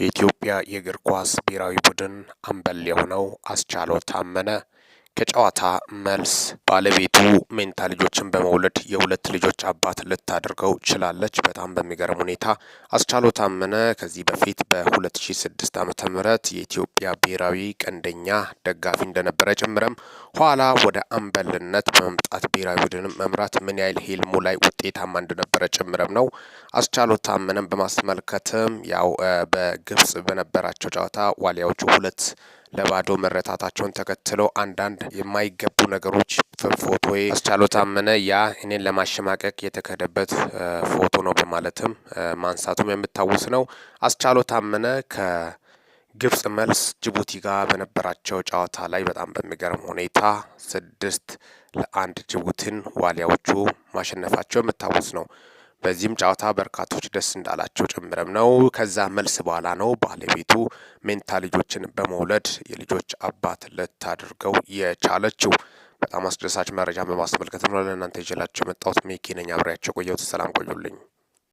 የኢትዮጵያ የእግር ኳስ ብሔራዊ ቡድን አምበል የሆነው አስቻለው ታመነ ከጨዋታ መልስ ባለቤቱ ሜንታ ልጆችን በመውለድ የሁለት ልጆች አባት ልታደርገው ችላለች። በጣም በሚገርም ሁኔታ አስቻለው ታመነ ከዚህ በፊት በ2006 ዓ.ም የኢትዮጵያ ብሔራዊ ቀንደኛ ደጋፊ እንደነበረ ጭምርም ኋላ ወደ አምበልነት በመምጣት ብሔራዊ ቡድንም መምራት ምን ያህል ሄልሙ ላይ ውጤታማ እንደነበረ ጭምርም ነው። አስቻለው ታመነም በማስመልከትም ያው በግብጽ በነበራቸው ጨዋታ ዋሊያዎቹ ሁለት ለባዶ መረታታቸውን ተከትሎ አንዳንድ የማይገቡ ነገሮች ፎቶ አስቻለው ታመነ ያ እኔን ለማሸማቀቅ የተከደበት ፎቶ ነው በማለትም ማንሳቱም የምታወስ ነው። አስቻለው ታመነ ከግብጽ መልስ ጅቡቲ ጋር በነበራቸው ጨዋታ ላይ በጣም በሚገርም ሁኔታ ስድስት ለአንድ ጅቡቲን ዋሊያዎቹ ማሸነፋቸው የምታወስ ነው። በዚህም ጨዋታ በርካቶች ደስ እንዳላቸው ጭምርም ነው። ከዛ መልስ በኋላ ነው ባለቤቱ ሜንታ ልጆችን በመውለድ የልጆች አባት ልታደርገው የቻለችው። በጣም አስደሳች መረጃን በማስመልከት ነው ለእናንተ ይዤላችሁ የመጣሁት። ሜኪ ነኝ፣ አብሬያቸው ቆየሁት። ሰላም ቆዩልኝ።